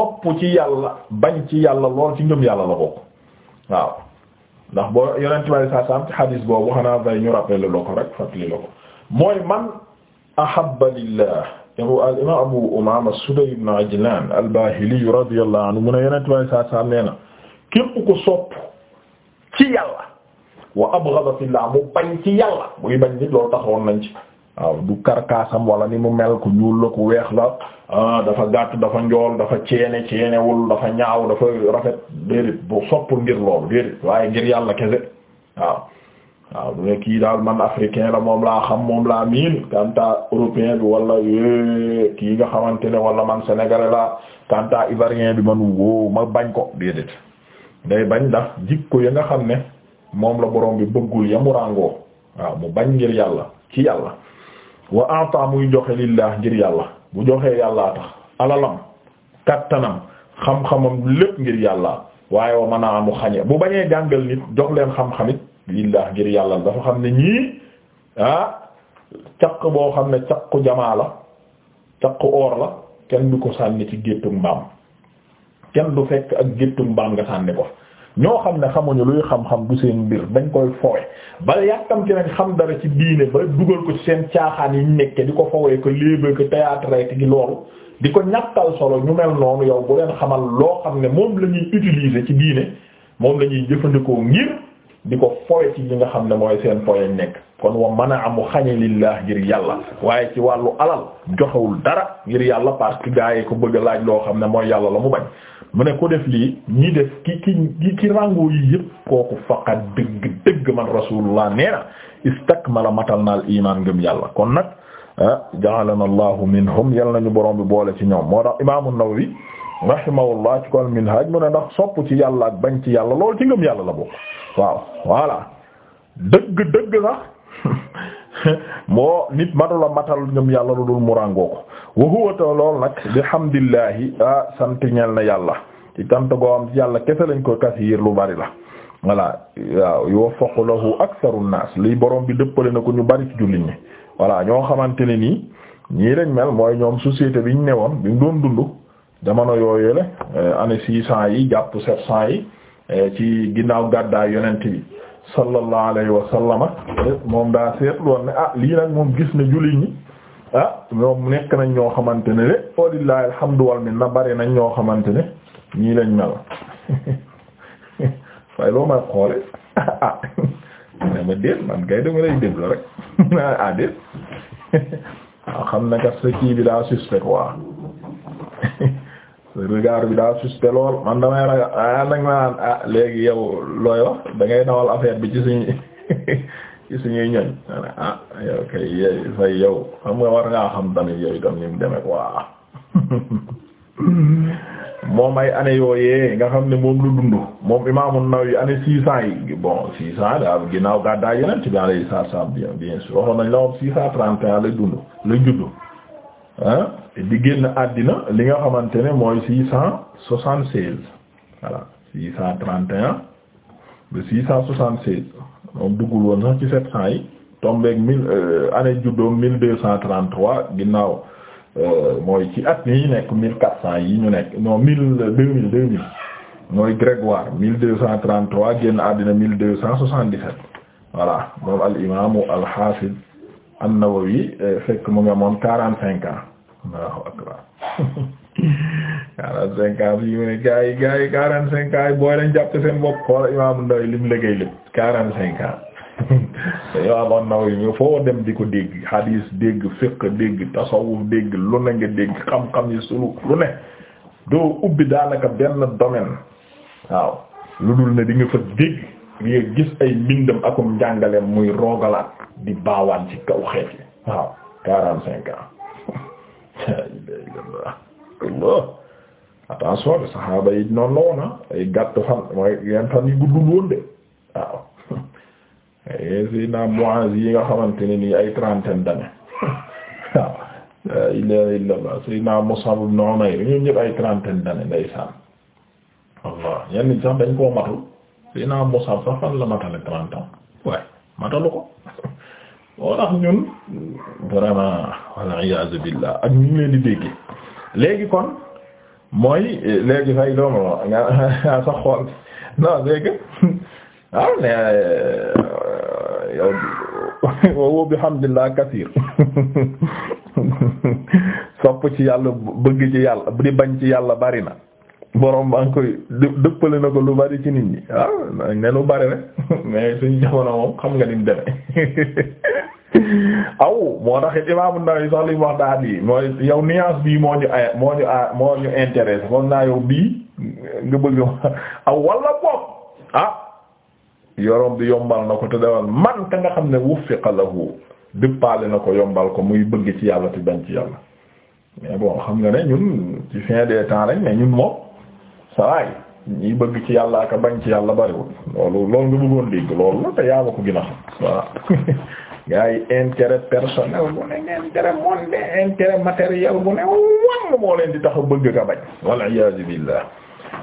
sopp ci yàlla bañ ci yàlla lool ci ngëm yàlla la bokk waaw ndax boo yonent bi sallallahu alayhi wasallam ci hadis boobu xanaa day ñu rappelé la ko rek fàttali la ko mooy man ahabba lillah al imam abu umama suday ibn ajlan al bahili radiyallahu anhu mu ne yonent bi sallallahu alayhi wasallam nee na képp ku sopp ci yàlla wa abghada fillah mu bañ ci yàlla muy bañ nit loolu taxawoon nañ ci waaw du karkaasam wala ni mu mel ku ñuul la ku weex la ah dafa gàtt dafa njool dafa ceene ceenewul dafa ñaaw dafa rafet déedéet bu soppul ngir loolu déedéet waaye ngir yàlla kese waaw waaw du ne kii daal man africain la moom laa xam moom laa miin kanta européen bi walla eh, kii nga xamante ne wala man sénégalais la kanta ivoirien bi man woo ma bañ ko déedéet day bañ ndax jikko ya nga xam ne moom la borom bi bëggul yamu waaw mu bañ ngir yàlla ci yàlla wa a'ta muy joxe lillah ngir yàlla bu joxee yàllaa tax alalam kattanam xam-xamam lépp ngir yàlla waaye wa mën a amu xañe bu bañee jàngal nit jox leen xam-xamit lillah ngir yàlla dafa xam ne ñii ah caq boo xam ne caqu jamaa la caqu oor la kenn du ko sànni ci géttu mbaam kenn du fekk ak géttu mbaam nga sànni ko ñoo xam ne xamuñu luy xam-xam du seen mbir dañ koy fowe ba yàkkamti nag xam dara ci diine ba dugal ko ci seen caaxaan yi nekke di ko fowee ko léebee ko théâtre gi loolu di ko ñàkkal solo ñu mel noonu yow bu leen xamal loo xam ne moom la ñuy ci diine moom la ñuy jëfandikoo ngir di ko fowe ci li nga xam ne mooy seen fowe nekk kon wa mën a amu xañe lillah ngir yàlla waaye ci wàllu alal joxewul dara ngir yàlla parce que gaa yi ko bëgg laaj loo xam ne mooy yàlla la mu bañ mu ne ko def lii ñi def ki ki ki rango yi yëpp kooku faqat dëgg dëgg man rasulullah nee na istakmala matal naal iman ngëm yàlla kon nag ah ja'alana allahu minhum yal nañu borom bi boole ci ñoom moo tax imaamu an-Nawawi rahimahullah ci kon minhaj mu ne ndax sopp ci yàlla ak bañ ci yàlla loolu ci ngëm yàlla la bokk waaw voilà dëgg dëgg sax moo nit manu matal ngëm yàlla lu dul mu ràngoo ko wa huwa ta lool nag bihamdillahi ah sant ñeel na yàlla ci tant goo am yàlla kese lañ ko kasiir lu bari la voilà waaw yuwaffaqu lahu aktharu nnaas lii borom bi dëppale na ku ñu bari ci ñi voilà ñoo xamante ne nii ñii rek mel mooy ñoom société bi ñu newoon bi ñu doon dund jamono yooyu la eh, année six yi jàpp sept cent yi eh, ci ginnaaw gàddaay yonent bi sallallahu alayhi wa sallama eh, moom daa seetlu woon ne ah lii nag moom gis na jullit ñi. ah ñoom nekk nañ ñoo xamante ne de walillahi alhamdu wal na bari nañ ñoo xamante ne ñii lañ mel waaye loo may xoole ah ma déet man kay dama lay déglu rek ah déet waaw ah, xam na kat sa kii bi daa suspect quoi sa regard bi daa suspect lool man damay ragal ah, ah léegi yow looy wax da dawal affaire bi ci suñu. ci suñuy ñoñ ah, yow kay yey fay yow xam moom ay année yooyee nga xam ne moom lu dund moom Imam An-Nawawi année six cent yi bon six cent daal ginnaaw yeneen ci biir saa saa bien bien la dund la judd ah di génn àddina li nga xamante ne mooy six cent soixante seize voilà six cent trente et soixante seize. moom duggul woon sax ci sept cent yi tombeeg mille euh, année juddoom mille deux cent trente trois ginnaaw euh, mooy ci at yi nekk mille quatre cent yi ñu nekk non mille deux mille deux mille mooy Grégoire mille deux cent trente trois génn àddina mille deux cent soixante dix sept voilà moom al imaamu al xaafid an-Nawawi euh, fekk mu nga moom quarante cinq ans Allahu akbar quarante cinq ans yi mu ne gars yi gars yi quarante cinq ans yi booy dañ seen bopp xool imaamu Nawawi li mu liggéey lépp quarante cinq ans imaamu dégg hadis nga dégg xam-xam yi sulu lu ne doo ubbi daanaka benn domaine waaw lu dul ne di nga dégg di gis ay mbindam akum njàngaleem muy roogalaat di baawaan ci kaw xeet yi waaw quarante cinq ans attention de saxaaba yi noonu la woon ah, ay fan yi guddul woon de waaw ay eh, si naa Muaz yi nga xamante ne nii ay trentaine d'années waaw ilaa illallah si naa Mus'ab dañ koo matul si naa Mus'ab sax fan la matale trente ans matalu ko moo ñun vraiment walla iyaazu billah ak ñu ngi kon mooy eh, léegi fay doom nga sax xool non léegi waaw ah, ne euh, yow wow bi hamdulillah kathir sopp ci yàlla bëgg ci yàlla di bañ ci yàlla bari na boroom ba nga koy dëppale na ko lu bari ci nit ñi ah, ne lu bari rek mais suñu jamono moom xam nga ni mu aw moo tax it Imaam An-Nawawi sax wax daal yi yow nuance bii moo ñu moo ñu moo ñu intéressé moom naa yow bii nga bëgg aw wala boog ah yorom bi yombal na ko te dawal man ka nga xam ne wuffiqa lahu dëppaale na ko yombal ko muy bëgg ci yàlla te bañ ci yàlla mais bon xam nga ne ñun ci fin des temps rek ne ñun moom sawaay ñi bëgg ci yàlla ak bañ ci yàlla bariwul loolu loolu nga bëggoon dégg loolu la te yaa ko gën a xam voilà yaay intérêt personnel bu ne intérêt mondain intérêt matériel bu ne wang moo leen di tax a bëgg ka bañ walla iyaazu billaah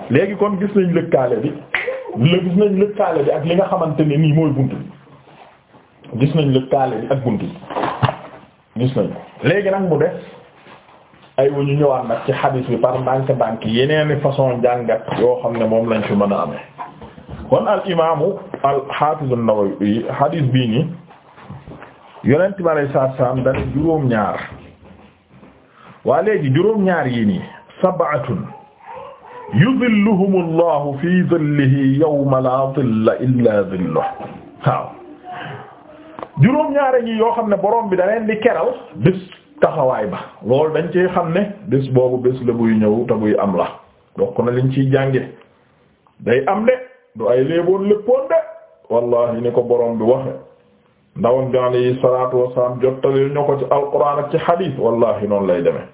léegi kon gis nañ lëkkaale bi la bi ak li nga xamante ne nii mooy bunt bi gis nañ lëkkaale bi ak bunt bi gis nañ léegi nag mu def ay wu ñu ñëwaat nag ci xadiis bi par ndànk ndànk yeneeni façon jàngat yoo xam ne moom lañ fi mën a amee kon al imaamu al xaafizu an-Nawawi xadiis bii nii yonent bi alay salaatu salaam dana juróom ñaar waa léegi juróom ñaar yi nii sab'atun yuzilluhumu allahu fi zillihi yawma la zilla illa zilluhu waaw juróom ñaar ñi yoo xam ne boroom bi da leen di keral bés taxawaay ba loolu dañ ci xam ne bés boobu bés la ñëw te am la dokk na liñ ciy jànge day am de du ay léeboon léppoon de wallahi ni ko borom bi waxe ndawam bi alayhi salaatu wassalaam jottalil ñu ko ci alquran ak ci hadith wallahi noonu lay demee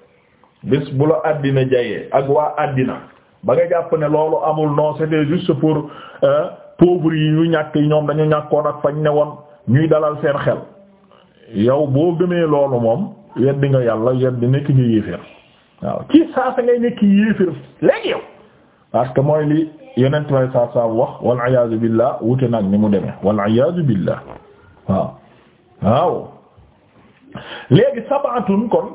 bis bu la àddina jayee ak waa àddina ba nga jàpp ne loolu amul non c'était juste pour pauvres yi ñu ñàkk yi ñoom dañu ñàkkoon ak fañ ne woon ñuy dalal seen xel yow boo gëmee loolu moom weddi nga yàlla weddi nekk nga yéeféer waaw ci saa sa ngay nekk yéeféer léegi yow parce que mooy li yeneen may saa saa wax wal iyaazu billah wute nag ni mu demee wal iyaazu waaw waaw léegi sabaatun kon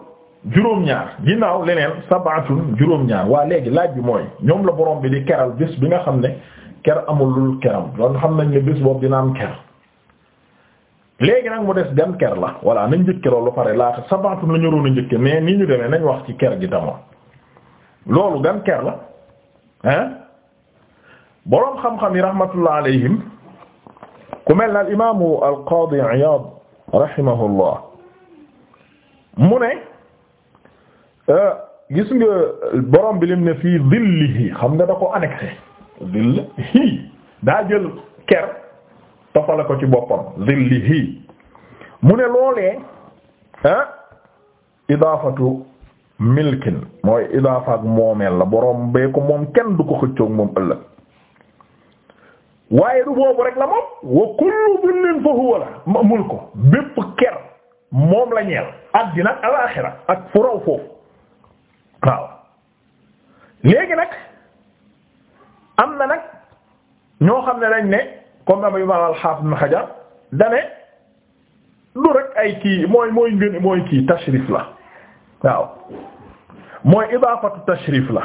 juróom-ñaar ginnaaw leneen sabaatun juróom-ñaar waa léegi laaj bi mooy ñoom la borom bi di keral bés bi nga xam ne ker amul lul keram doon xam nañ ne bés boobu dina am ker léegi nag mu des dem ker la voilà nañ njëkke loolu pare laata sabaatun la ñu roon a njëkke mais nii ñu demee nañ wax ci ker gi tamoon loolu gan ker la hein boroom xam-xam yi rahmatullah alayhim ku mel ne al imaamu al qaadi Iyaad rahimahullah mu ne euh, gis nga borom bi lim ne fii dillihi xam nga da ko annexé dillihi daa jël ker tofale ko ci boppam dillihi mu ne loolee ah idaafatu milkin mooy idaafaak moomeel la borom bee ko moom kenn du ko xëccoog moom ëllëg. waaye du boobu rek la moom wa kullu dullin fa huwa la mul ko bépp ker moom la ñeel addina ak alaaxira ak fu raw foofu waaw léegi nag am na nag ñoo xam ne dañ ne comme dama yu ma na xajar dane du rek ay kii mooy mooy ngeen mooy kii tashrif la waaw mooy idaafatu tashrif la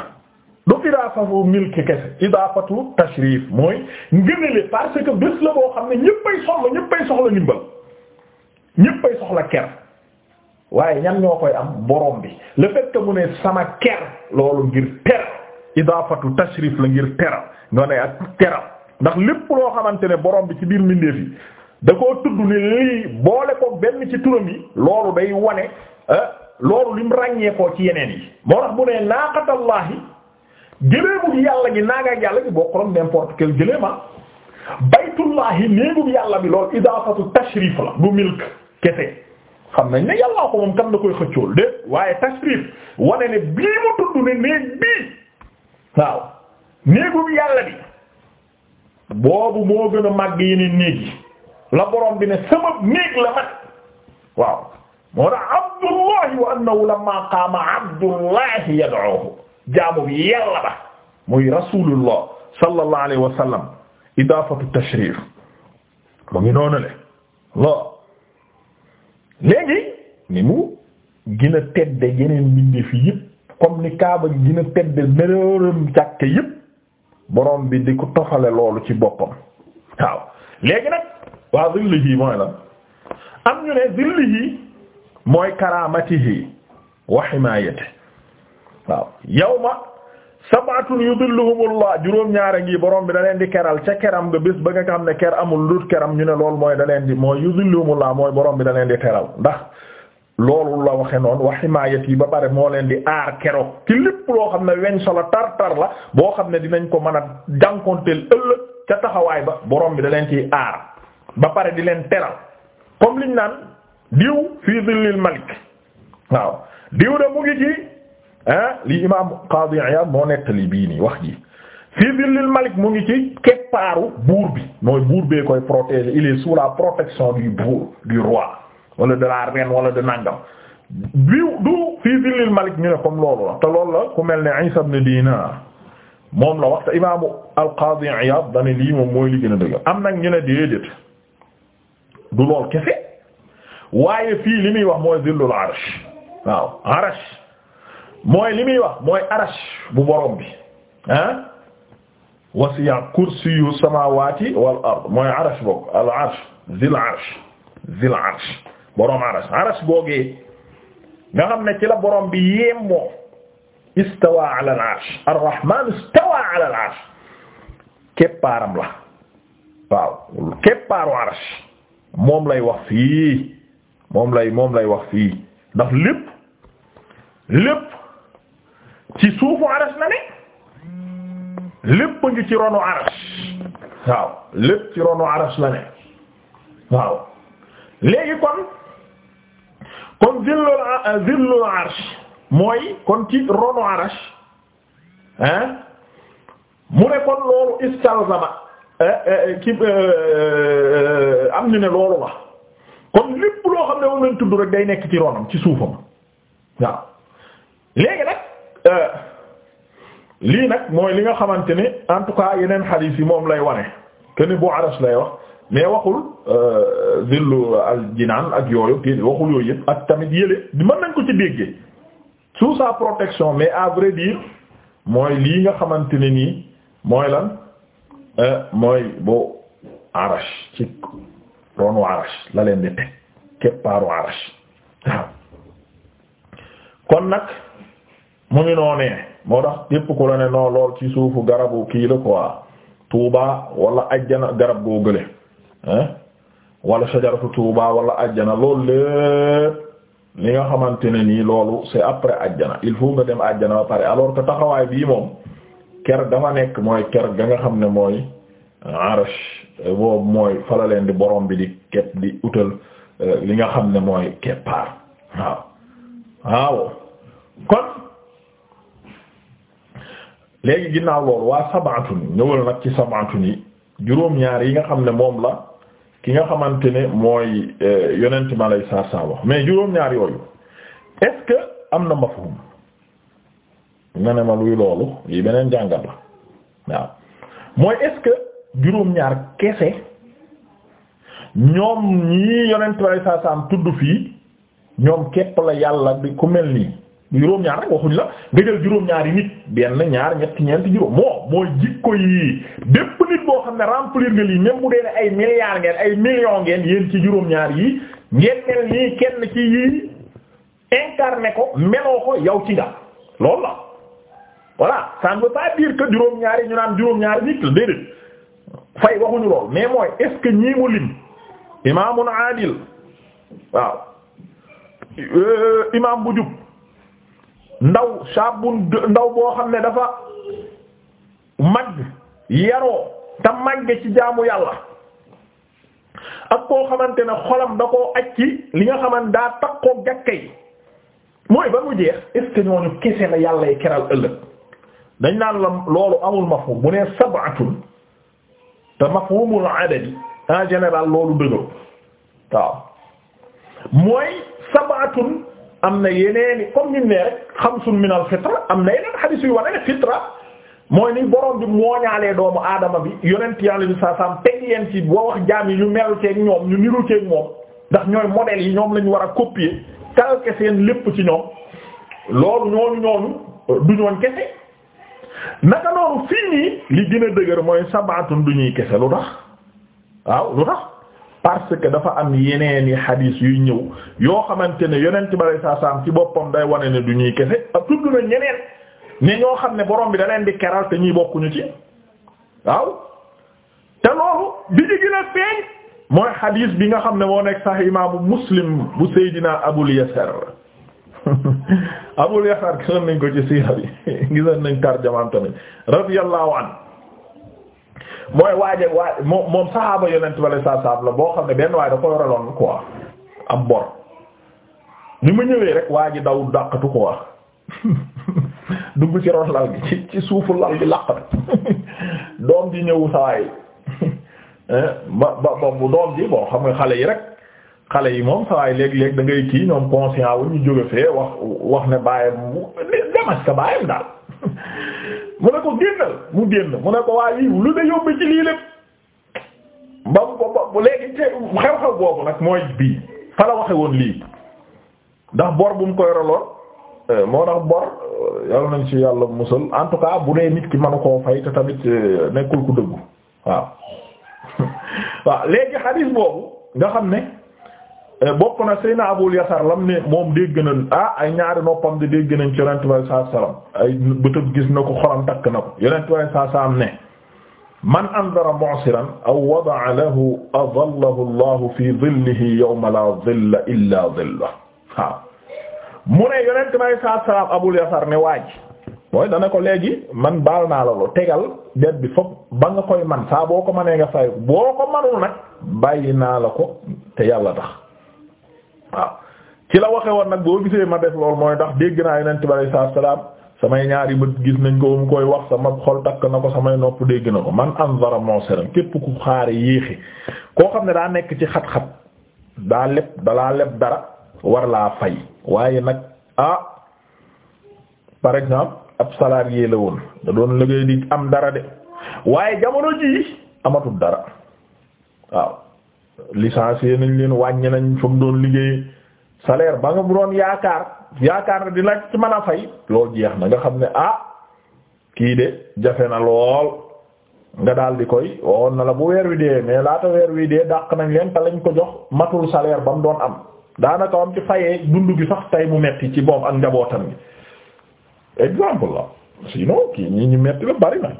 du idaafatu milk kese idaafatu tashrif mooy ngënale parce que bés la boo xam ne ñëppay soxla ñëppay soxla ndimbal ñëppay soxla ker waaye ñan ñoo koy am borom bi le fait mu ne sama ker loolu ngir teral idaafatu tashrif la ngir teral nga ne ak teral ndax lépp loo xamante ne borom bi ci biir mbindeef yi da koo tudd ni lii boole ko benn ci turam yi loolu day wane eh, loolu lim ràññee ci yeneen yi moo tax bu ne naaqatallahi gëléemu yàlla gi naagaak yàlla gi boo xorom n'importe quel gëléem ah baytullahi néegub yàlla bi lool idaafatu tashrif la du milk kese xam nañ ne yàllaa ko moom na koy xëccool de waaye mu tudd ne néeg yàlla bi boobu moo gën a màgg yeneen néeg yi la borom bi ne sama néeg la mat waaw moo tax abdullahi wa annahu lamma qaama abdullahi yad'uhu jaamu bi yàlla ba muy rasulullah sallallahu alayhi wa sallam idaafatu tashrif mu ngi noonu le loo léegi ni mu gën tedde yeneen mbindeef yépp comme ni kaaba gi gën a tedde mereeram càkke yépp borom bi di ko tofale loolu ci boppam waaw léegi nag waa zillihi mooy lan am ñu ne mooy karamatihi wa himayatihi waaw yawma sabatun yudilluhumullah juróom-ñaara ngi borom bi da leen di keral ca keram nga bés ba nga xam ne ker amul lut keram ñu ne loolu mooy da leen di mooy yudilluhumullah mooy borom bi da leen di teral ndax loolu la waxe noonu wa himayat yi ba pare moo leen di aar keroog ci lépp loo xam ne weñ solo tar-tar la boo xam ne dinañ ko mën a jànkonteel ëllëg ca taxawaay ba boroom bi da leen ciy aar ba pare di leen teral comme liñ naan diw fii zillil li imam Qadi Iyad moo nettali bii nii wax ji fii zillil malik mu ngi ci keppaaru buur bi mooy buur bee koy protéger il est sous la protection du buur du roi wala de la wala de nangam biw du fii zillil malik ñu ne comme loolu la te loolu la ku mel ne Isa ibn Dinar moom la wax te al-Qadi Iyad dane lii moom mooy li gën a dëgg am nag ñu ne déedéet du lool kese waaye fii li muy wax mooy zillul arsh waaw arsh mooy li muy wax mooy arash bu borom bi ah wasi'a kursiyu samawati wal ard mooy arash boog al arsh zil arsh zil arsh arash arash googee nga xam ne ci la borom bi yéemoo istawa ala al arsh ar-rahman istawa ala la waaw moom lay wax fii moom lay moom lay wax fii ci suufu aras na ne lépp ngi ci ronu aras waaw lépp ci ronu aras la ne waaw léegi kon kon zillul zillul arsh mooy kon ci ronu arsh hein mu ne kon loolu istalzama eh, eh, eh, ki am ñu ne loolu la kon lépp loo xam ne moom lañ tudd rek day nekk ci ronam ci suufam waaw léegi nag Euh, lii nag mooy li nga xamante ni en tout cas yeneen xadiis yi moom lay wane que bu aras lay wax mais waxul euh, zillu al jinaan ak yooyu kii waxul yooyu yëpp ak tamit yële mën nañ ko ci déggee sous sa protection mais à vrai mooy lii nga xamante ne nii mooy lan euh, mooy bu aras ci roonu aras la leen di teg keppaaru aras waaw kon nag. mu ngi noonee moo tax képp ku la ne non lool ci suufu garabu kii la quoi tuuba wala ajjana garab goo gële ah wala sajaratu tuuba wala ajjana loolu lépp li nga xamante ne nii loolu c'est après ajjana il faut nga dem ajjana ba pare alors que taxawaay bii moom ker dafa nekk mooy ker ga nga xam ne mooy arash boobu mooy fala leen di borom bi di kepp di utal euh, li nga xam ne mooy keppaar waaw waaw kon léegi ginnaaw loolu waa sabaatun ñëwal nag ci sabaatun yi juróom-ñaar yi nga xam ne moom la ki nga xamanti ne mooy eh, yonent ma lay saar saa wax mais juróom-ñaar yooyu est-ce que am na mafhum nga ne ma luy loolu yi beneen jàngat la waaw mooy est-ce que juróom-ñaar kese ñoom ñii yonent ma lay saar tudd fii ñoom képp la yàlla di ku mel nii juróom-ñaar rek waxuñ la nga jël juróom-ñaar yi nit benn ñaar ñetti ñeenti juróom moo mooy jikko yi bépp nit boo xam ne remplir nga lii même bu dee ay milliards ngeen ay million ngeen yéen ci juróom-ñaar yi ngeen mel nii kenn ci yii incarné ko meloo ko yow ci nga loolu la. voilà ça ne veut pas dire juróom-ñaar yi ñu naan juróom-ñaar nit la déedéet fay waxuñu lool mais mooy est ñii mu lim imaamun adil waaw euh, imaam bu jub. ndaw saabun ndaw boo xam ne dafa mag yaroo te màgge ci jaamu yàlla ak koo xamante ne xolam da koo aj li nga xamante daa takkoo jàkka mooy ba mu jeex est-ce que kese la yàlla yi keral ëllëg dañ naan la loolu amul mafhum bu nee sab'atun te mafhumul adadi en général loolu dëgg waaw mooy sab'atun am na yeneeni comme ni ne rek xamsun minal fitra am na yeneen xadiis yu wane ne fitra mooy ni borom bi mooñaalee doomu aadama bi yonent yàlla bi saa saam teg leen ci boo wax jaam yi ñu melu ceeg ñoom ñu niru ceeg moom ndax ñooy modèle yi ñoom lañu war a copier calquer seen lépp ci ñoom loolu ñooñu ñooñu du ñooñ kese naka noonu fii nii li gën dëgër mooy sabaatun du ñuy kese lu tax waaw lu tax parce que dafa am yeneen i xadiis yuy ñëw yoo xamante ne yonent bi sallallahu alayhi ci boppam day wane ne du ñuy kese ak tudd na ñeneen ne ñoo xam ne borom bi da di keral te ñuy bokkuñu ci waaw te loolu bi di gën feeñ mooy xadiis bi nga xam ne moo nekk sax imaamu muslim bu seydina abul yasar abul yasar gisoon nañ ko ci siira bi gisoon nañ tarjamaam tamit radiyallahu anhu mooy waaje waa moom moom saxaaba yonent wala saa saab la boo xam ne benn waaye da ko yoraloon quoi am bor ni ma ñëwee rek waa ji daw dàqatu quoi dugg ci ron lal gi ci ci suufu lal gi làq doom ji ñëw sawaay eh, ba ba ba bu doom ji boo xam nga xale yi rek xale yi moom saa léeg-léeg da ngay kii ñoom conscient wu ñu jóge fee wax wax ne bàyyam demas ka bàyyam daal mu ne ko génnal mu génn mu ne ko waaye lu ne yóbbu ci lii lépp ba ba ba léegi xew-xew boobu nag mooy bii fa la waxe woon lii ndax bor bu mu koy roloon eh, moo tax bor eh, yàlla nañ ci yàlla musal en bu dee nit ki manu koo fay te tamit eh, nekkul ku dëggu waaw waaw léegi xadiis boobu nga xam ne Eh, bokk na Seyna Abul Yasar lam ne moom dégg na ah, ay ñaari noppam di dégg nañ ci Yonent ay bëtëb gis na ko xolam takk na ko Yonent bi sallallahu ne man andara mu'siran aw wada'a lahu adallahu la dhilla illa dhilluhu waaw mu ne Yonent bi Yasar ne waaj mooy dana ko léegi man baal naa la tegal det bi foog ba koy man saa boo ko mënee nga fay boo ko mënul bàyyi naa la ko te yàlla tax waaw ci la waxe woon nag boo gisee ma def lool mooy ndax dégg naa yonent bi alayhi salaam samay ñaari bët gis nañ ko mu koy wax sama xol takk na ko samay nopp dégg na ko man anzara mu'siran képp ku xaare yéexi koo xam ne daa nekk ci xat-xat daa leb dalaa leb dara war laa fay waaye nag ah par exemple ab salaar la woon da doon liggéey di am dara de waaye jamono ji amatul dara waaw licencié nañ leen wàññi nañ fa doon liggéey salaire ba nga doon yaakaar yaakaar ne dina ci mën a fay loolu jeex na nga xam ne ah kii de jafe na lool nga daal di koy waxoon na la bu weer wi dee mais laata weer wi dee dàq nañ leen te lañ ko jox matul salaire ba mu doon am daanaka am ci fayee dund gi sax tay mu metti ci moom ak njabootam gi exemple la sinon kii ñi ñu metti la bari na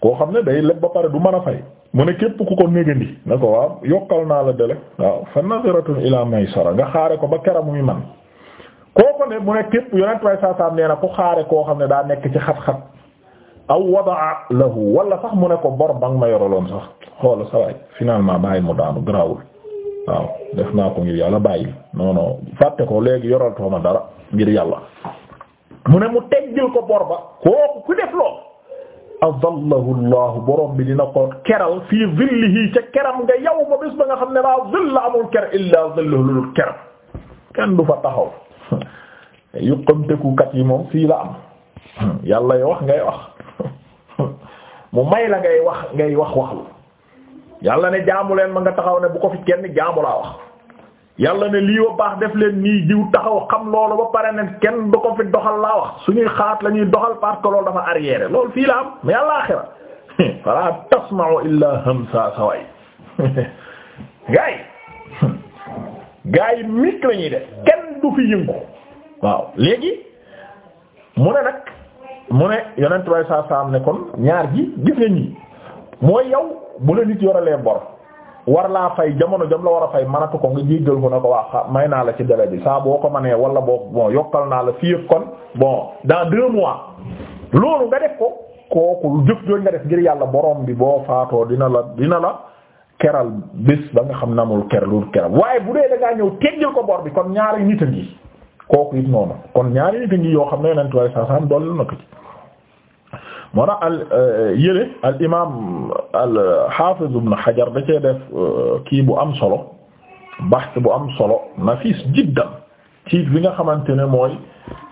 koo xam ne day leb ba pare du mën a fay. mu ne képp ku ko négandi na ko waaw yokkal naa la dele waaw fa naziratun ila maysara nga xaare ko ba kera muy man kooko ne mu ne képp yonent way saasaam nee na ku xaare koo xam ne daa nekk ci xat-xat aw wadaa lahu wala sax mu ne ko bor ba nga ma yoraloon sax xoola sawaay finalement bàyyi mu daanu grawul waaw def naa ko ngir yàlla bàyyi non fàtte ko léegi yoral too ma dara ngir yàlla mu ne mu teggil ko bor kooku ku def lool adallahu llahu borom bi dina ko keral fii zillihi ca keram nga yow ma bis nga xam ne laa zilla amul ker illa zilluhu lul keram kenn du fa taxaw yuqamtekukat yi moom fii la am yàlla yo wax ngay wax mu may la ngay wax ngay wax waxlu yàlla ne jaamu leen ma nga taxaw ne bu ko fi kenn jaamu laa wax yàlla ne lii wa baax def leen nii jiw taxaw xam loolu ba pare ne kenn du ko fi doxal laa wax suñuy xaat la ñuy doxal parce que loolu dafa arrière loolu fii la am mais àlaxira fala tasma'u illa hamsa saway gaay léegi mu ne nag mu ne yonent bay saa saa am ne kon ñaar gi gis nga ñi mooy yow bu la nit yoralee bor war laa fay jamono jam la war a fay manatu ko nga jéggal ko na ko waa may naa la ci délai bi saa boo ko manee wala boo bon yokkal naa la fii kon bon dans deux mois loolu nga def ko kooku jëf jooñ nga def ngir yàlla boroom bi boo faatoo dina la dina la keral bés ba nga xam ne amul ker loolu keral waaye bu dee da ngaa ñëw teggil ko bor bi kon ñaari nit a ngi kooku it noonu kon ñaari nit a ngi yoo xam ne yonentu waaye saa saa dool na ko moo tax al euh, yële al imaam al hafiz ibn Hajar da cee def euh, kii bu am solo bahth bu am solo nafis jiddan ci bi nga xamante ne mooy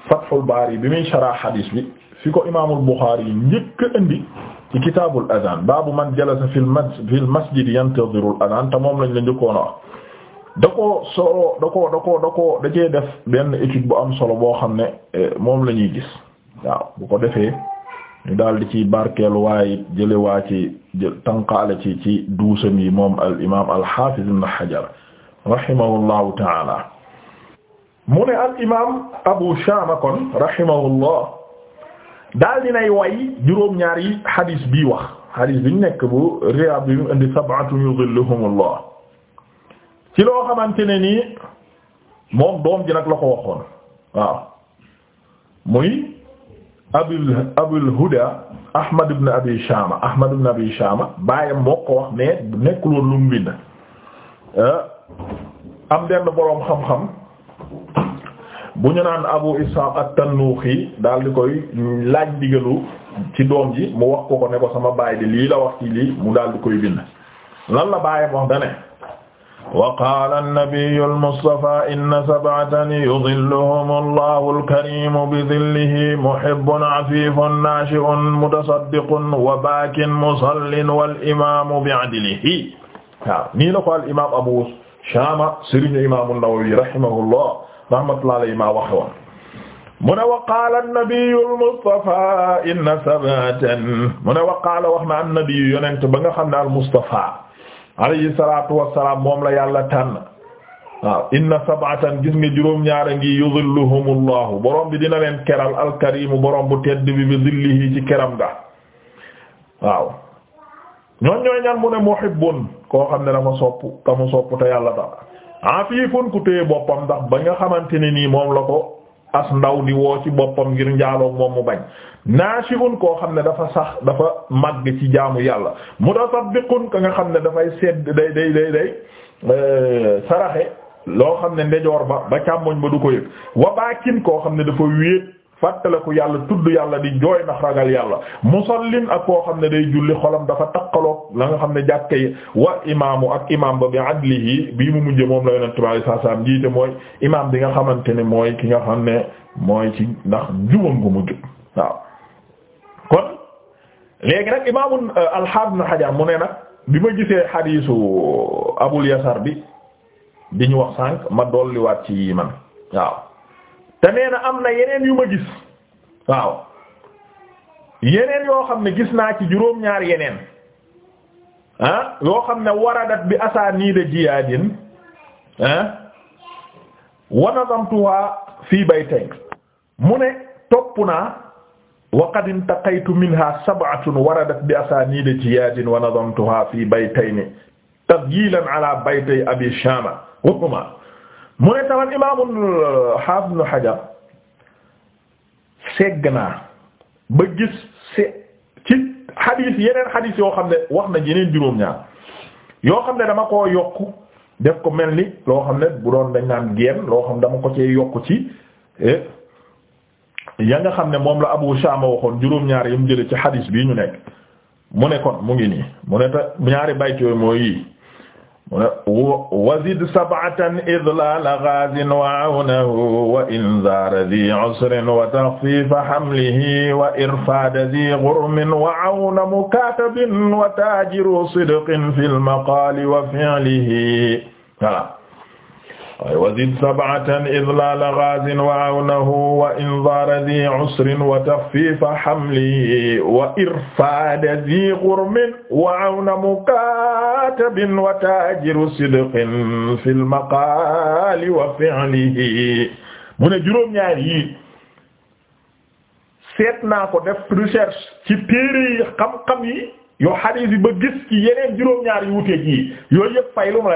Fathul Baari bi muy sharah hadis bi fi ko imaamul Buxaari yi njëkk a indi ci kitaabul adaan baabu man jalasa fil mas fil masjid yantadirul adaan te moom lañ la njëkkoon a wax. da koo solo da koo da koo da koo da cee def benn étude bu am solo boo xam ne euh, moom la ñuy gis waaw bu ko defee. daal di ciy barkeel waaye it jële waa ci tanqaale ci ci duusam moom al imaam al xaafiz ibn Hajar rahimahullahu taala mu ne al imaam Abu Shaama kon rahimahullah daal dinay way juróom-ñaar yi hadis bii wax hadis bi nekk bu Riyaad bi mu indi sab'atun yuzilluhumullah ci loo xamante ne ni moom doom ji nag la ko waxoon waaw muy. abul abul huda ahmad ibn abi shama ahmad ibn abi shama baayam moo ko wax ne nekkul woon lu mu bind eh, am denn boroom xam-xam bu ñu naan abu ishaq at-tannuxi daal di koy laaj ndigalu ci doom ji mu wax ko ko ne ko sama baay di lii la wax ci lii mu daal di koy bind lan la baayam wax dane وقال النبي المصطفى إن سبعة يظلهم الله الكريم بظله محب عفيف ناشئ متصدق وباك مصل والإمام بعدله waaw nii la ko al imaam Abu Shaama sëriñ imaam an-Nawawi rahimahullah rahmatullahi alayhi ma waxe woon mu ne waqaala an-nabiyyu al-Mustafa inna sab'atan mu ne waqaala wax na an-nabiyyu yonent ba nga xam ne al-Mustafa alayhi salaatu wassalaam moom la yàlla tànn waaw inna sab'atan gis ngi juróom-ñaara ngi yuzilluhumullahu borom bi dina leen keral alkarimu borom bu tedd bi bi zillihi ci keram ga waaw ñoon ñooy ñan mu ne muhibbun koo xam ne dafa sopp ka mu te yàlla tax afifun ku téye boppam ndax ba nga xamante ne nii moom la ko as ndaw di woo ci boppam ngir njaaloog moom mu bañ naashi'un koo xam ne dafa sax dafa màgg ci jaamu yàlla mutasaddiqun ka nga xam ne dafay sedd day day day day euh, saraxe loo xam ne ndejoor ba ba càmmoñ ba du ko yëg wa baakin koo xam ne dafa wéet fàttaliku yàlla tudd yàlla di jooy ndax ragal yàlla musallin ak koo xam ne day julli xolam dafa takkaloog la nga xam ne jàkkee wa imaamu ak imaam ba bi adlihi bii mu mujj moom la yonent bi sallallahu alayhi jiite mooy imaam bi nga xamante ne mooy ki nga xam ne mooy ci ndax juwan gu mu jub waaw. kon léegi nag imaamu euh, alxames xajar mu ne nag bi ma gisee xadiisu abul yasar bi di ñu wax sànq ma dolliwaat ci man waaw. te nee na am na yeneen yu ma gis waaw yeneen yoo xam ne gis naa ci juróom-ñaar yeneen ah yoo xam ne waradat bi asaaniida jiyaadin ah wa nazamtuha fii baytayn mu ne topp naa wa qad intaqaytu minha sab'atun waradat bi asaaniida jiyaadin wa nazamtuha fii baytayn tabyilan ala baytay abi shama wa huma mu ne tamit imaamul xaafis ibnu Hajar segg naa ba gis se ci xadiis yeneen xadiis yoo xam ne wax na yeneen juróom-ñaar yoo xam ne dama koo yokk def ko mel ni loo xam ne bu doon dañ naan geen loo xam ne dama ko cee yokk ci eh, yaa nga xam ne moom la Abu Shama waxoon juróom-ñaar yi jële ci xadiis bii ñu nekk mu ne mu ngi nii mu ne te ñaari bayt yooyu mooy yii wazid sab'atan idlaala ghaazin wa awnahu wa inzaara dhi 'usrin wa takhfiifa hamlihi wa irfaada dhi ghurmin wa 'awna mukatabin wa taajiru sidqin fil maqaali wa fi'lihi voilà waaye wazid sab'atan idlaala ghaazin wa awnahu wa inzaara dhi usrin wa takhfiifa hamlihi wa irfaada dhi ghurmin wa awna mukatabin wa taajiru sidqin fil maqaali wa fi'lihi mu ne juróom-ñaar yi seet naa ko def recherche ci téere yi xam-xam yi yoo xadiis yi ba gis ci yeneen juróom-ñaar yu wuute yi yooyu yëpp fay lu ma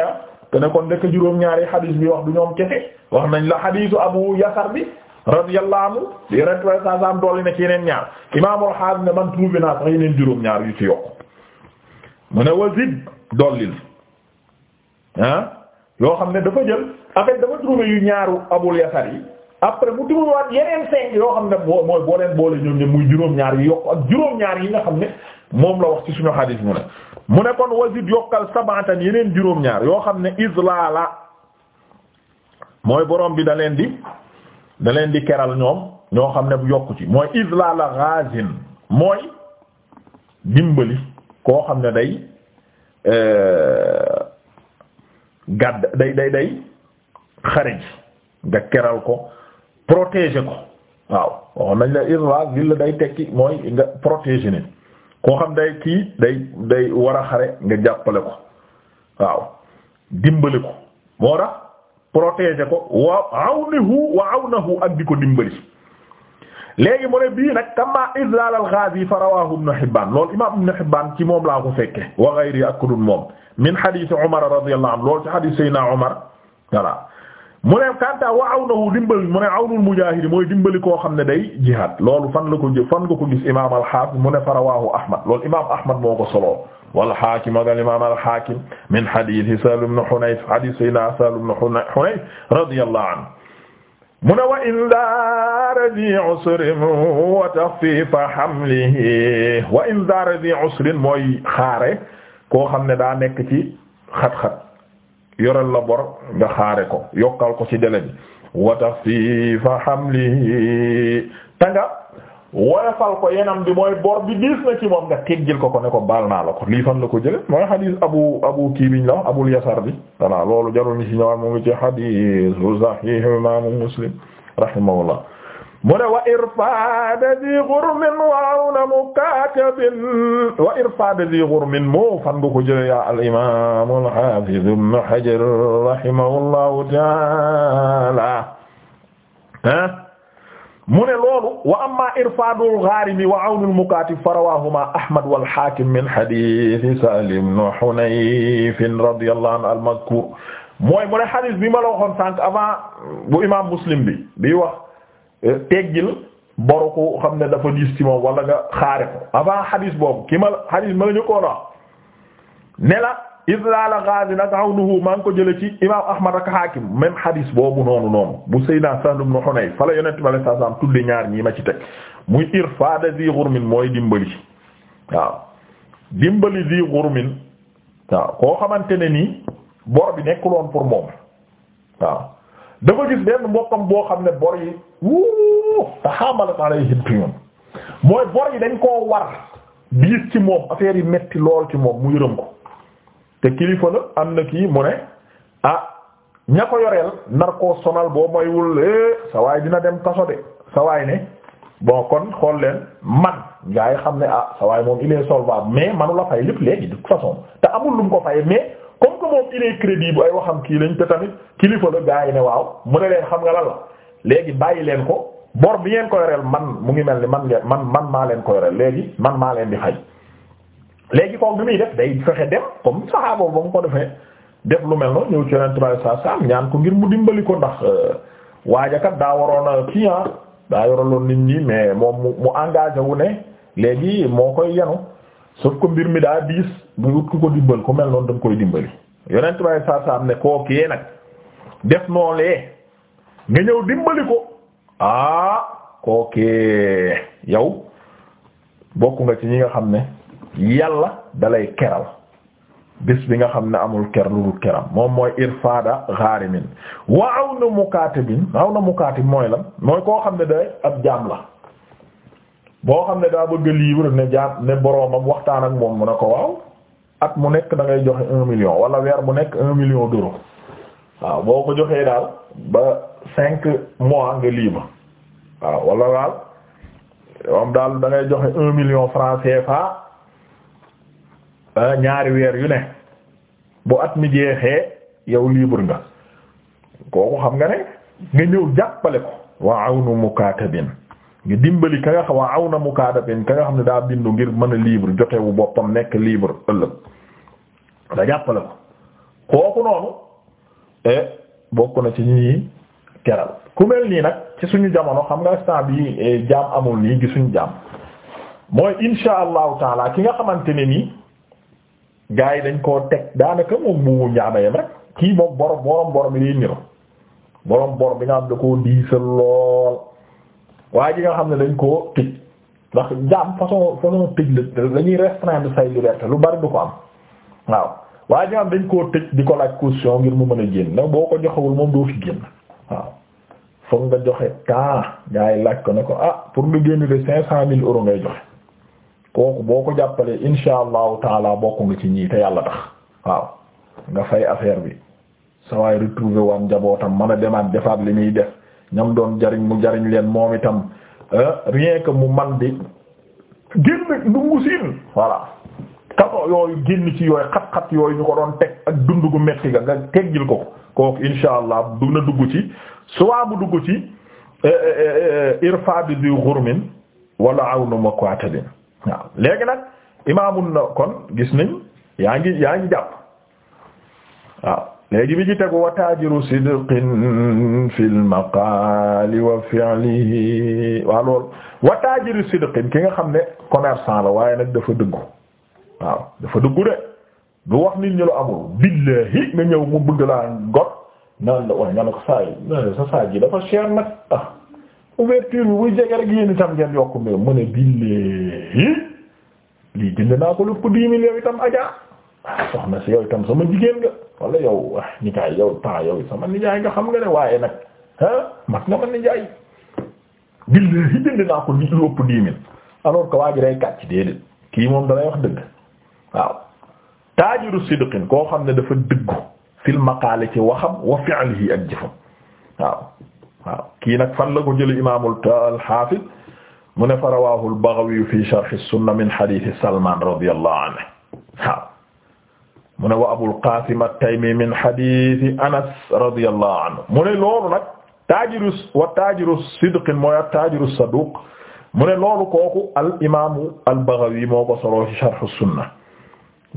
te ne kon nekk juróom-ñaari xadis bi wax du ñoom kese wax nañ la xadisu abu yasar bi radiyallahu anhu di retway sa sam dool ne yeneen ñaar imaamul xaad ne man trouvé naa sax yeneen juróom-ñaar yu ci yokk mu ne wasid dollil ah yoo xam ne dafa jël en fait dafa trouvé yu ñaaru abul yasar yi après mu dugalwaat yeneen cinq yoo xam ne boo mooy boo leen boole ñoom ne muy juróom-ñaar yi yokk ak juróom-ñaar yi nga xam ne moom la wax ci suñu xadiis mu ne mu ne kon wasit yokkal sabatan yeneen juróom-ñaar yoo xam ne islala mooy borom bi da leen di da leen di keral ñoom ñoo xam ne bu yokku ci mooy islala ghazin mooy dimbali koo xam ne day euh, gàdd day day day xare nga keral ko protéger ko waaw waxoon nañ la irra gilla day tekki mooy nga protéger nit koo xam day kii day day war a xare nga jàppale ko waaw dimbali ko moo tax protéger ko wa awnihu wa awnahu ak di ko dimbali léegi mu ne bii nag kama idlal al ghazi fa rawahu ibn hibban loolu imam ibn hibban ci moom laa ko fekke wa ghayri ak ku dul moom min hadith umar radiyallahu anhu loolu ci hadith sayna umar voilà mu ne kanta wa awnahu dimbal mu ne awnul mujaahid mooy dimbali koo xam ne day jihaad loolu fan la ko jë fan nga ko gis imaam al-Haafiz mu ne farawaahu Ahmad loolu imaam Ahmad moo ko soloo wal-Haakim ak al-imaam al-Haakim min hadiisi Sahl ibn Hunayf hadiis sayyidinaa Sahl ibn Hunayf radiyallaahu anhu mu ne wa inzaara di usrin wa taxfiifa hamlihi wa inzaara di usrin mooy xaare koo xam ne daa nekk ci xat-xat yoral la bor nga xaare ko yokkal ko ci dele bi wa tafiifa hamlihi ta nga woyofal ko yenam bi mooy bor bi diis na ci moom nga teggil ko ko ne ko baal naa la ko lii fan la ko jële mooy xadiis abu abu kiibiñ la abul yasar bi voilà loolu jarul ni ci ñëwaat mu ngi ci xadiisu saxiix imaamu muslim rahimahullah mu ne wa irfada zi xurmin waaw na mu katabin wa irfada zi xurmin moo fan nga ko jële ya al-imam al-hafiz ibn hajar rahimahullahu taala ah mu ne loolu wa amma irfadul gharimi wa awnul mukatab farawahuma ahmad wal hakim min hadith salim ibn hunayf radiyallahu anhu al-mazkur mooy mu ne hadith bi ma la waxoon sànq avant bu imam muslim bi bi wax teggil boru ko xam ne dafa diis ci moom wala nga xaare ko avant xadis boobu ki ma xadis ma la ñu koona ne la islala ghazi nag awnuhu maa ngi ko jële ci imam ahmad ak hakim même xadis boobu noonu noonu bu sayyidina Sahl ibn Hunayf fala yonent bi sallallahu alayhi wasallam tudde ñaar ñii ma ci teg muy irfada zi ghurmin mooy dimbali waaw dimbali zi ghurmin waaw koo xamante ne nii bor bi nekkuloon pour moom waaw dafa gis benn mbokkam boo xam ne bor yi wuu te xaaral maa lay yëngu mooy bor yi dañ koo war diis ci moom affaire yi metti lool ci moom mu yërëm ko te kilifa la am na kii mu ne ah ña ko yoreel nar koo sonal boo moywul eh, sa waay dina dem kaso de sa ne bon kon xool leen man ngaa xam ne ah sa waay moom il est solvable mais manu la fay lépp léegi de façon te amul lu ko fay mais. comme que moom il bu ay waxam kii lañ te tamit kilifa la gaa yi ne waaw mu ne leen xam nga lan la léegi bàyyi leen ko bor bi ngeen ko yoreel man mu ngi mel ni man ngeen man man maa leen ko yoreel léegi man maa leen di fay. léegi kooku bi muy def day fexe dem comme saxaaba ba mu ko defee def lu mel noonu ñëw ci ren trois cent ñaan ko ngir mu dimbali ko ndax euh, waajakat daa waroon a kii ah, daa yoraloon nit ñi mais moom mu engagé wu ne léegi moo koy yenu sauf ko mbir mi daa diis nga ut ku ko dimbal ku mel noonu da nga koy dimbali yonent baay saa saa am ne kooku nag def noolee nga ñëw dimbali ko ah kookee yow bokk nga ci ñi nga xam ne yàlla dalay keral bis bi nga xam ne amul ker lu dul keram moom mooy irfaada gharimin wa awna na mu mukatib mooy lan mooy koo xam ne day ab jaam la boo xam ne daa bëgg livre ne jaam ne boroomam waxtaan ak moom mu ne ko waaw at mu nekk dangay ngay joxe un million wala weer mu nekk un million d'euros waaw boo ko joxee daal ba cinq mois nga libre waaw walla daal moom daal dangay ngay joxe un million franc CFA ah, ñaari weer yu ne bu at mi jeexee yow libre nga kooku xam nga ne nga ñëw jàppale ko wa awnu mukatabin nga dimbali ka nga xam aw na mukaadabin ka nga xam ne daa bindu ngir mën a libre jotewu boppam nekk libre ëllëg da jàppale ko kooku noonu eh, bokk na ci ñi keral ku mel nii nag ci suñu jamono xam nga instant bi eh, jaam amul nii gisuñu jaam mooy insha allahu taala ki nga xamante ne nii gars yi dañ koo teg daanaka moom mu njaama yem rek kii moom borom borom borom yi day niro borom borom bi nga xam da koo diisal lool waaye ji nga xam ne dañ koo tëj ndax jaam façon façon tëj la dañuy restreindre say liberté lu bari du ko am waaw waaye ji nga xam dañ koo tëj di ko laaj caution ngir mu mën a génn ndax boo ko joxewul moom doo fi génn waaw foog nga joxe temps gaa laaj ko ne ko ah pour nga génn de cinq cent mille euros ngay joxe kooku boo ko jàppalee insha allahu taala bokk nga ci ñii te yàlla tax waaw nga fay affaire bi sa waay retrouver waan njabootam mën a demaat defaat li muy def ñam doon jariñ mu jariñ leen moom itam euh, rien que mu man di génn ndungu siin voilà kaso yooyu génn ci yooyu xat-xat yooyu ñu ko doon teg ak dund gu metti ga nga teggil ko kooku insha allah du na dugg ci soit bu dugg ci euh, euh, irfa bi di xurmin wala awnu makwatalin waaw léegi nag imaamun na kon gis nañ yaa ngi yaa ngi jàpp waaw léegi bi ci tegu wa taajiru sidqin fil maqaali wa fi'lihi waaw loolu wa taajiru ki nga xam ne commerçant la waaye nag dafa dëggu waaw dafa dëggu de du wax nit ñu la amul billahi nga ñëw mu bëgg laa got naan la wax nga ko saa yi sa saa ji dafa cher nag ah ouverture bi buy jege rek yéen itam ngeen yokk mbir mu ne billahi lii jënd naa ko lu ko dix millions itam ajaa ah, soxna si yow itam sama jigéen nga wala yow nikaay yow temps yow sama nijaay nga xam nga ne waaye nag ah mat na ma nijaay billahi jënd naa ko lu ëpp dix mille alors que waa ji kii moom dalay wax dëgg waaw taajiru koo xam ne dafa dëggu fil maqaale waxam wa fi'lihi ak kii nag fan la ko jël imaamul al-Hafiz mu ne fa rawahu al-Baghawi fi sharh as-Sunnah min hadith Salman radiyallahu anhu waaw mu ne wa Abul Qaasim at-Taymi min hadiisi Anas radiyallahu anhu mu ne loolu nag taajiru wa taajiru sidqin mooy at-taajiru saduuq mu ne loolu kooku al imaamu al-Baghawi moo ko soloo ci Sharh as-Sunnah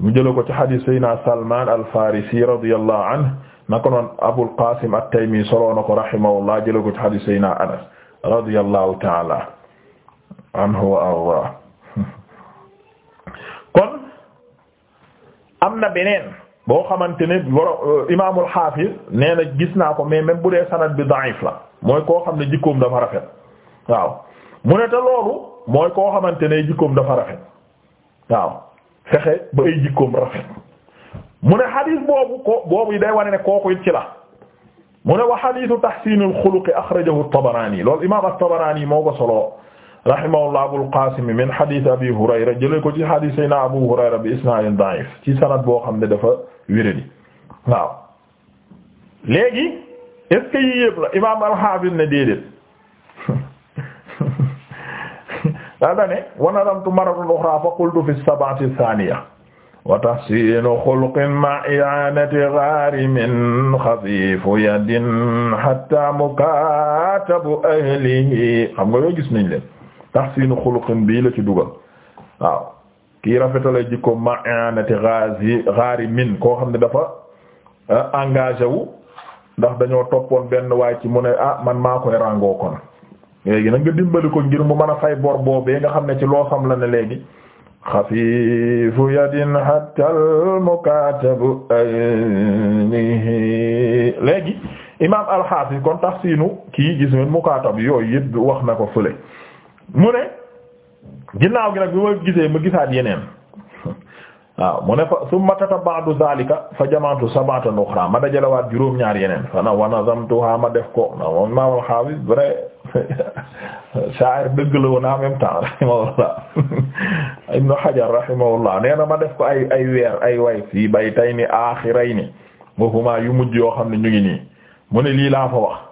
mu jëlee ko ci hadiis Sayyidina Salmaan al-Faarisi radiyallahu anhu naka noonu Abul Qaasim at-Taymi soloo na ko rahimahullah jëlee ko ci hadiis Sayyidina Anas radiyallahu ta'ala anhu wa ardaahu am na beneen boo xamante ne boro euh, imaamul xaafis nee na gis naa ko mais même bu dee sanad bi da'if la mooy koo xam ne jikkoom dafa rafet waaw mu ne te loolu mooy koo xamante ne jikkoom dafa rafet waaw fexe ba ay jikkoom rafet mu ne xadiis boobu ko boobu yi day wane ne kooku it ci la mu ne wa xadiisu tahsiinul xuluqi axrajahu at-Tabaraani loolu imaam at-Tabaraani moo ko solo rahimahullah Abul Qasim min hadith Abi Hurayra jëlee ko ci hadith Seydina Abu Hurayra bi isnaadin da'if ci sanad boo xam ne dafa wéradi waaw léegi est-ce que yii yëpp la imaam al-Hafiz ne déedéet daa da ne wa nadamtu marratan ukhra fa qultu fi as-sab'ati ath-thaniya wa tahsinu xulqin ma'a i'anati gharimin xafifu yadin hatta mukatabu ahlihi xam nga yoo gis nañ leen tahsinu xuluqin bii la ci dugal waaw kii rafetala jikko ma'anati ghazi gharimin koo xam ne dafa eh, engagé ndax dañoo toppoon benn waay ci mu ne ah man maa koy ràngoo kon léegi nag dimbali ko ngir mu mën a fay bor boobee nga xam ne ci loo xam la ne léegi xafiifu yadin hatta al mukatabu aynihi léegi imam alxaafis kon tax siinu kii gis men mukatab yooyu yëpp wax na ko fële mu ne ginnaaw gi nag bi ma gisee ma gisaat yeneen waaw mu ne fa summa tataba'tu zalika fa jama'tu sab'atan ukhra ma dajalewaat juróom-ñaar yeneen fana wa nazamtuha ma def ko na moom naa wal xaafis vrai sha'ir dëgg la woon en même temps rahimahullah ibnu hajar rahimahullah nee na ma def ko ay ay weer ay way fii baytayni akhirayni wa huma yu mujj yoo xam ne ñu ngi nii mu ne lii laa fa wax